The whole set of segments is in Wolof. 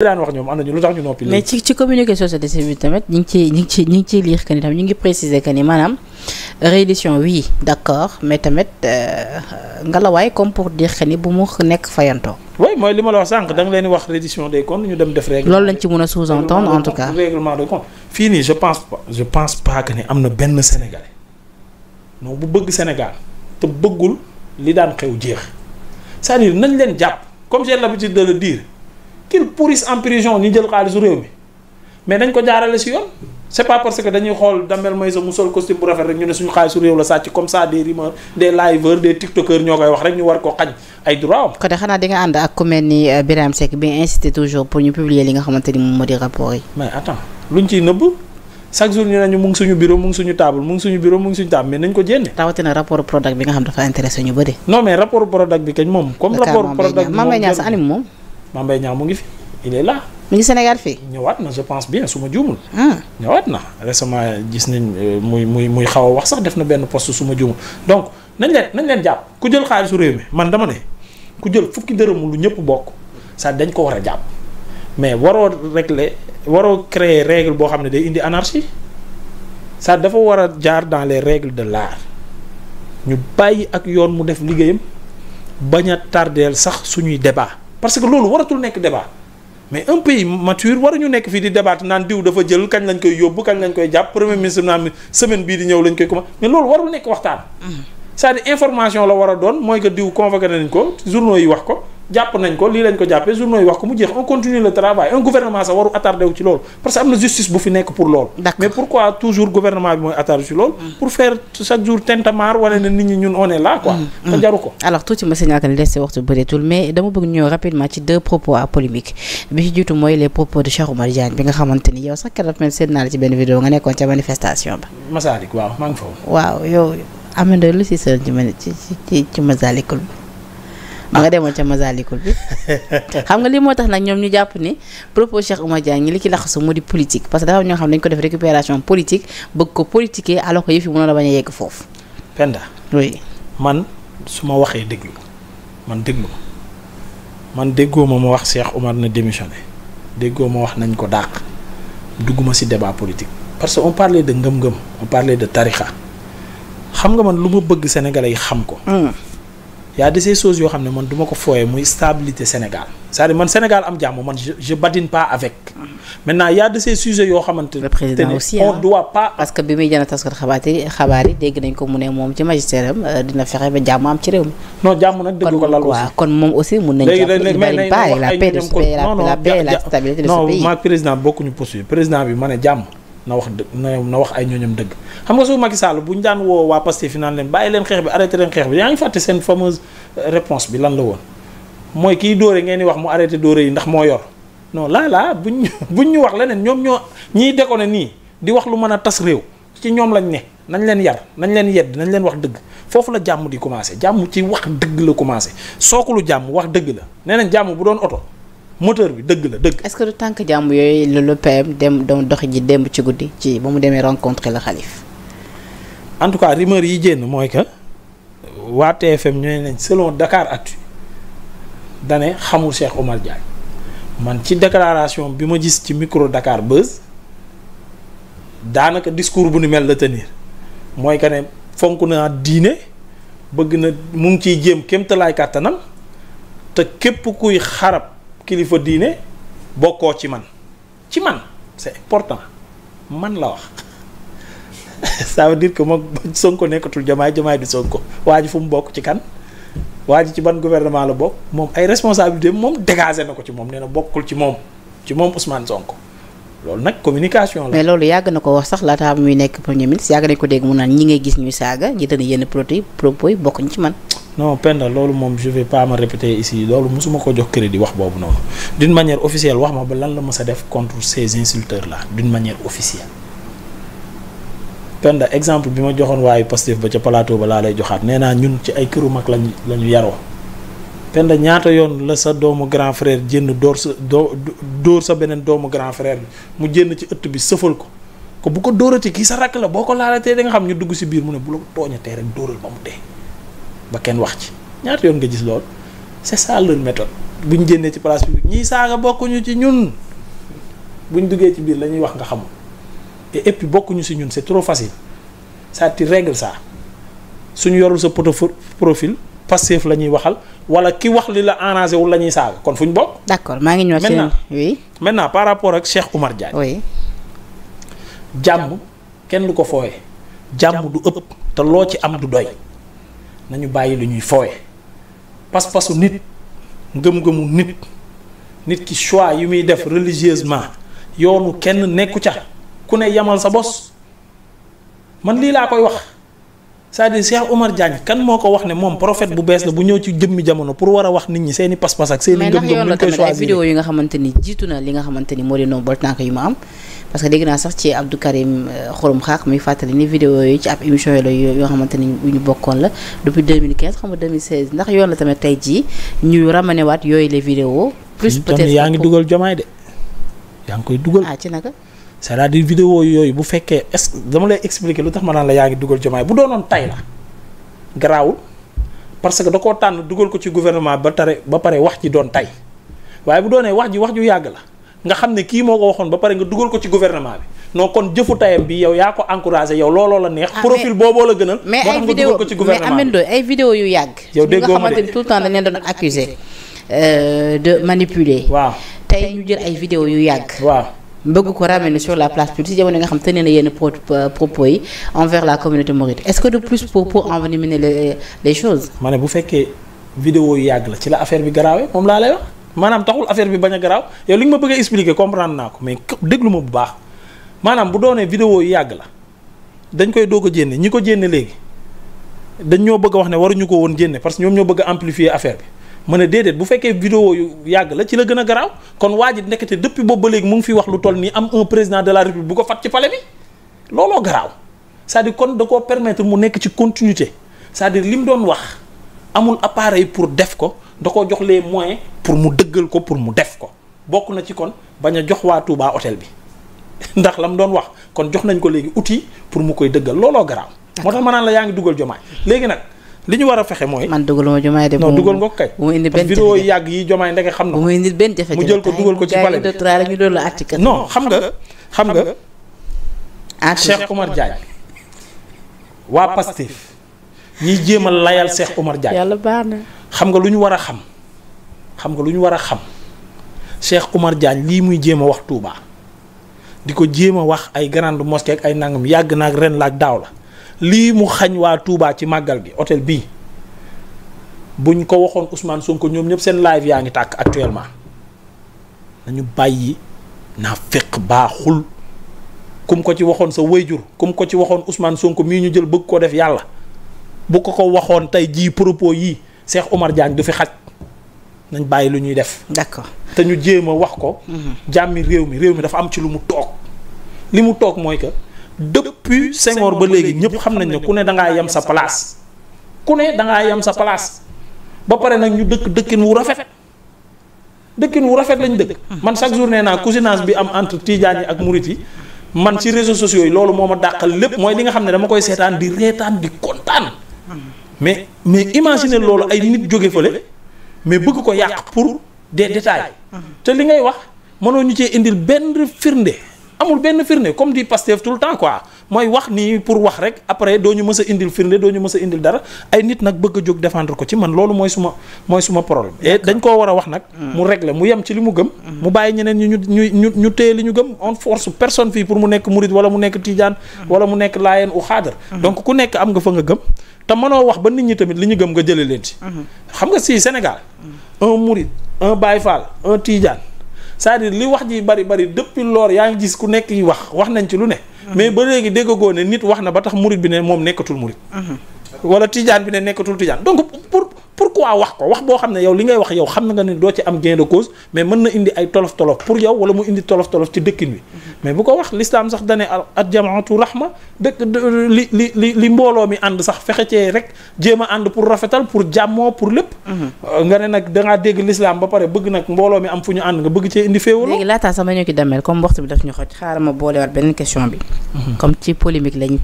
daan wax ñoom am nañu lu tax ñu noppi. mais ci ci communiqué société civile tamit ñu ngi ciy ñu ngi ciy ñu ngi ciy liir que ni ñu ngi préciser que maanaam réédition oui d' accord mais tamit euh, euh, ngalawaay comme pour dire que ni bu mu nekk fayantoo. oui mooy li ma la wax sànq da nga leen wax reddition des comptes ñu dem def règlement. loolu lañ ci mën a sous-entendre en tout cas règlement de fii nii je pense pas je pense ni am na benn sénégalais moo bu bëgg Sénégal te bëggul li daan xew jeex cest à nañ leen jàpp comme j'ai l'habitude qu'il pourrisse en prison jël xaalisu réew mi mais dañ ko jaarale si yoon c'est pas parce que dañuy xool Damel Maïssa mu sol costume bu rafet rek ñu ne suñu xaalisu réew la sàcc comme ça des rumeurs des liveurs des tiktokers ñoo koy wax rek ñu war ko xañ ay droit am. kon de xanaa di ànd ak ku mel ni euh, Birame Seck bi insisté toujours pour ñu publier li nga xamante ni moom moo di rapport yi. mais attends luñ ñu ne ñu ko jénne rawatina rapport Prodac bi ñu bëri. non Mame Mbaye Niang mu ngi fi il est mu ngi Sénégal fii. ñëwaat na je pense bien su ma juumul. Ah. ñawaat na récemment gis nañ euh, muy muy muy xaw a wax sax def na benn poste su ma juumul donc nañ leen nañ leen jàpp ku jël xaalisu réew mi man dama ne ku jël fukki dërëm lu ñëpp bokk sax dañ ko war a jàpp mais waroo régler waroo créer règle boo xam ne day indi anarchie ça dafa war a jaar dans les règles de l'art ñu bàyyi ak yoon mu def liggéeyam bañ a tardeel sax suñuy débat parce que loolu waratul nekk débat mais un pays mature waruñu nekk fii di débat naan diw dafa jël kañ lañ koy yóbbu kañ lañ koy jàpp premier ministre naan semaine bii di ñëw lañ koy commencé mais loolu warul nekk waxtaan. Mm-hmm. c'est-à-dire information la war a doon mooy que diw convoqué nañ ko journaux yi wax ko. jàpp nañ ko lii lañ ko jàppee journaux yi wax ko mu jeex on continue le travail un gouvernement sax waru attardé ci loolu parce que am na justice bu fi nekk pour loolu mais pourquoi toujours gouvernement bi mooy attardé ci loolu mm. pour faire chaque jour tintamarre wane na nit ñi ñun on est là quoi mm. Mm. jaru ko alors tuuti ma signalé dese waxtu bëreetul mais dama bëgg ñëw rapidement ci deux propos à polémique bi ci jiitu mooy les propos de Cheikh ma ah. nga demoon ca Masalikul bi xam nga lii moo tax nag ñoom ñu jàpp ni propos Cheikh Oumar Diagne ñi li ci laxasu moo di politique parce que dafa am ñoo xam ne dañu ko def récupération politique bëgg ko politiquer alors que yëf yi mënoon la bañ a yegg foofu. Penda. oui man su ma waxee déglu man déglu man déggoo ma ma wax Cheikh Oumar na démissionné déggoo ma wax nañ ko dàq dugguma ci débat politique. parce que on parlait de ngëm-ngëm on parlait de tarixa xam nga man lu ma bëgg sénégalais xam ko. Hmm. y a de ces choses yoo xam ne man du ma ko fooyee muy stabilité Sénégal cest à man Sénégal am jàmm man je je badine pas avec maintenant y a de ces sujets yoo xamante ne. le président aussi on doit bi muy jënd taskat xabaar yi dégg nañ ko mu ne moom ci magistère am euh, dina fexe ba jàmm am ci réew mi. non jàmm nag dëgg ko lal aussi kon moom aussi mun nañu. jàpp il badine pas la paix de ce pays la paix et la stabilité de ce pays. non non président bokkuñu poursuivre président bi ma ne na wax dëgg na wax ay ñooñam dëgg xam nga su Macky Sall bu ñu daan woo waa Pastef fi naan leen bàyyi leen xeex bi arrêté leen xeex bi yaa ngi fàtte seen fameuse euh, réponse bi lan la woon mooy kiy dóore ngeen di wax mu arrêté dóore yi ndax moo yor non laa laa buñ buñ ñu wax leneen ñoom ñoo ñii ñiy déconné nii di wax lu mën a tas réew ci ñoom lañ ne nañ leen yar nañ leen yedd nañ leen wax dëgg foofu la jàmm di commencé jàmm ci wax dëgg la commencé sookulu jàmm wax dëgg la nee nañ jàmm bu doon oto moteur bi dëgg la dëgg. est-ce que du tànk jàmm yooyu la le PM dem doon doxi ji démb ci guddi ci ba mu demee rencontrer le xalif. en tout cas rumeur yi jénn mooy que waa TFM ñooy nañ dakaar at Actu dane xamul Cheikh mal Diagne man ci déclaration bi ma gis ci micro Dakar Buzz daanaka discours bu ni mel la tenir mooy que ne fonk naa diine bëgg na mu ngi ciy jéem kéem talaay kàttanam te képp kuy xarab. kilifa diine bokkoo ci man ci man c'est important man la wax ça veut dire que moom Sonko nekkatul jamaay jamaay du Sonko waa ji fu mu bokk ci kan waa ci ban gouvernement la bokk moom ay responsabilité moom dégagé na ko ci moom nee na bokkul ci moom ci moom Ousmane Sonko loolu nag communication la. mais loolu yàgg na ko wax sax laata muy nekk premier ministre yàgg nañ ko dégg mu naan ñi ngay gis ñuy saaga ñi dañu yenn propos yi ñu ci man. non Penda loolu moom je vais pas me répéter ici loolu mosuma ko jox crédit wax boobu noonu d'une manière officielle wax ma ba lan la mës a def contre ces insulteurs là d'une manière officielle. Penda exemple bi ma joxoon waayu Pastef ba ca plateau ba laa lay joxaat nee ñun ci ay këru mag lañu la ñu yaroo Penda ñaata yoon la sa doomu grand frère jënd door sa doo dóor sa beneen doomu grand frère bi mu jënd ci ëtt bi sëfal ko. ko bu ko dóoratee kii sa rakk la boo ko laalatee nga xam ñu dugg si biir mu ne bu la ko tooñatee rek dóoral ba mu ba kenn wax ci ñaata yoon nga gis lool c'est ça leur méthode buñ génnee ci place publique ñii saaga bokkuñu ci ñun buñ duggee ci biir la ñuy wax nga xamul et puis bokkuñu si ñun c'est trop facile ça tu règle ça suñu yorul sa poto profil passif la ñuy waxal wala ki wax li la arrangé wul la ñuy saaga kon fu ñu bokk. d'accord maa ngi ñëw maintenant oui. maintenant par rapport ak Cheikh Oumar Diagne. oui. jàmm kenn du ko fooye jàmm du ëpp te loo ci am du doy. nañu bàyyi lu ñuy foowe pas-pasu nit ngëm-ngëmu nit nit ki choix yu muy def religieusement yoonu kenn nekku ca ku ne yamal sa bos man lii laa koy wax c'est-à-dire Cheikh Omar Diagne moo ko wax ne moom prophète bu bees la bu ñëw ci jëmmi jamono pour war a wax nit ñi seeni pas-pas ak seeni ngëm-ngëm mais ndax yoon la yi nga xamante ni jiitu na li nga xamante ni moo di nombre tànk yu ma am parce que dégg naa sax ci Abdou Karim Xurum Xaax muy fàttali ni vidéo yi ci ab émission yi la yoo xamante ni ñu bokkoon la depuis 2015 xam nga 2016 ndax yoon la tamit tey jii ñu ramanewaat yooyu les vidéos plus peut yaa ngi dugal jomaay de yaa ngi koy dugal ah ci naka cest vidéo yooyu bu fekkee est dama lay expliquer lu tax ma naan la yaa ngi dugal jomaay bu doonoon tay la garaawul parce que da koo tànn dugal ko ci guvernement ba tare ba pare wax ji doon tay waaye bu doonee wax ji wax ju yàgg la nga xam ne kii moo ko waxoon ba pare nga dugal ko ci gouvernement bi non kon jëfu tayam bi yow yaa ko encouragé yow looloo la neex ah, profil booboo la gënal mais ay vidéo ko ci gouvernement mais Ameth yu yàgg euh, waaw jël ay vidéo yu yàgg waaw bëgg ko ramener sur la place publique si jamono nga xam te ne na yenn euh, propos yi envers la communauté mouride est-ce que de plus pour pour envenimer les les choses bu fekkee vidéo yu yàgg la ci la affaire bi garaawee moom laa lay wax maanaam taxul affaire bi bañ a garaaw yow li nga ma bëgg a expliquer comprendre naa ko mais déglu ma bu baax maanaam bu doonee vidéo yu yàgg la dañ koy doog a jénne ñi ko jénne léegi dañ ñoo bëgg a wax ne waruñu ko woon jénne parce que ñoom ñoo bëgg a amplifier bi ma ne déedéet bu fekkee vidéo yu yàgg la ci la gën a garaaw kon waa ji nekkate depuis boobu ba léegi mu ngi fi wax lu toll nii am un président de la république bu ko fat ci palais bi looloo garaaw cest kon da koo permettre mu nekk ci continuité cest à li mu doon wax amul appareil pour def ko da koo jox les moyens pour mu dëggal ko pour mu def ko bokk na ci kon bañ a jox waa Touba hôtel bi ndax la mu doon wax kon jox nañ ko léegi outil pour mu koy dëggal looloo garaaw. moo tax ma naan la yaa ngi dugal jomaay léegi nag li ñu war a fexe mooy. man dugaluma jomaay de. non dugal nga ko kay. bu ma indi benn vidéo yi yàgg yi jomaay ndeke xam na ko. bu ma indi benn jafe-jafe mu jël ko dugal ko ci bale bi ñu doon la atti kat. xam nga xam nga. Cheikh Omar Diagne waa Pastef ñiy jéem a layal Cheikh Omar Diagne yàlla baax na xam nga lu ñu war a xam xam nga lu ñu war a xam Cheikh Oumar jaañ lii muy jéem a wax Touba di ko jéem a wax ay grande mosquée ak ay nangam yàgg naag ren laag daaw la lii mu xañ waa Touba ci màggal gi otel bii buñ ko waxoon Ousmane Sonko ñoom ñëpp seen live yaa ngi tàkk actuellement nañu bàyyi naa fekk baaxul kum ko ci waxoon sa wayjur kum ko ci waxoon Ousmane Sonko mii ñu jël bëgg ko def yàlla bu ko ko waxoon tey jii propos yii. Cheikh Omar Diagne du fi xaj nañ bàyyi lu ñuy def. d'accord te ñu jéem a wax ko. Mhm. jàmmi réew mi réew mi dafa am ci lu mu toog li mu toog mooy que. depuis Senghor ba léegi ñëpp xam nañ ne ku ne da ngaa yem sa place ku ne da ngaa yem sa place ba pare nag ñu dëkk dëkkin wu rafet. dëkkin wu rafet lañ dëkk. Mhm. man chaque jour nee naa cousinage bi am entre Tidjane yi ak Murit yi man ci réseaux sociaux yi loolu moo ma dàqal lépp mooy li nga xam ne dama koy seetaan di reetaan di kontaan. Mhm. mais mais imaginer loolu ay nit jóge fële mais bëgg ko yàq pour des détails te li ngay wax mënoo ñu cee indil benn firnde amul benn firnde comme di Pastef tout le temps quoi mooy wax nii pour wax rek après doo ñu mës a indil firnde doo ñu mës a indil dara ay nit nag bëgg a jóg défendre ko ci man loolu mooy suma mooy suma problème. dañ koo war a wax nag. Hmm. mu régler mu yem ci li mu gëm. Hmm. mu bàyyi ñeneen ñi ñu ñu ñu ñu téye li ñu gëm on force personne fii pour mu nekk murit wala mu nekk tijaan. Hmm. wala mu nekk laayeen u xaadar. donc ku nekk am nga fa nga gëm. te mënoo wax ba nit ñi tamit li ñu gëm nga jëlee leen ci. Mhm. xam nga si Sénégal. un Mouride un Baye Fall un Tidiane cest à li wax ji bari bari depuis loor yaa ngi gis ku nekk yi wax wax nañ ci lu ne. Mhm. mais ba léegi déggagoo ne nit wax na ba tax Mouride bi ne moom nekkatul Mouride. Mhm. wala Tidiane bi ne nekkatul Tidiane donc pourquoi wax ko wax boo xam ne yow li ngay wax yow xam na nga ne doo ci am gain de cause mais mën na indi ay tolof tolof pour yow wala mu indi tolof tolof ci dëkkin wi mais bu ko wax l'islam sax dane ak jamaatu rahma dëkk li li li mbooloo mi ànd sax fexe cee rek jéem a ànd pour rafetal pour jàmmoo pour lépp mhm. nga ne nag dangaa dégg l'islam ba pare bëgg nag mbooloo mi am fu ñu ànd nga bëgg cee indi féewaloo léegi laataa sama ñoo ki demel comme waxtu bi daf ñu xoj xaaral ma bi mhm. comme ci polémique lañu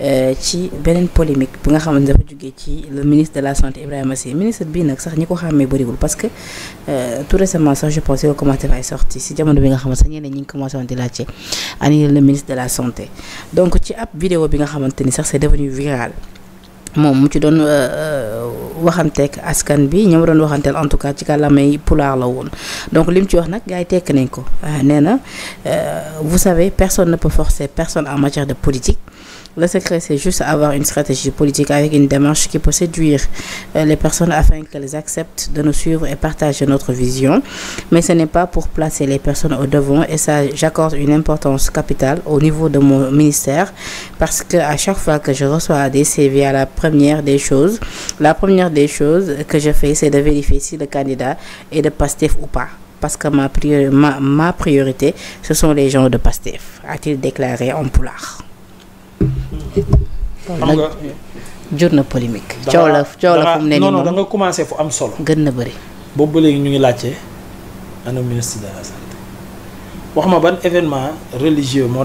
Euh, ci beneen polémique bu nga xamante dafa jógee ci le ministre de la santé Ibrahima Sy ministre bi nag sax ñi ko xàmmee bëriwul parce que euh, tout récemment sax je pense que commencé fay sorti si jamono bi nga xamante sax ñeneen ñi ngi commencé woon di laajte ani le donc ci ab vidéo bi nga xamante ni sax c'est devenu viral moom mu ci doon euh, waxanteeg askan bi ñoom doon waxanteel en tout cas ci kàllaamay pulaar la woon donc li mu ci wax nag gars yi tekk nañ ko nee na vous savez personne ne peut de politique Le secret, c'est juste avoir une stratégie politique avec une démarche qui peut séduire euh, les personnes afin qu'elles acceptent de nous suivre et partager notre vision. Mais ce n'est pas pour placer les personnes au devant et ça, j'accorde une importance capitale au niveau de mon ministère parce que à chaque fois que je reçois des CV à la première des choses, la première des choses que je fais, c'est de vérifier si le candidat est de PASTEF ou pas parce que ma, priori ma, ma priorité, ce sont les de PASTEF, a-t-il déclaré xam nga jur na polémique. coow la coow la fu mu ne nii non non da nga commencé fu am sol gën na bëri. boobu ba léegi ñu ngi laajte ana ministre wax ma ban événement religieux moo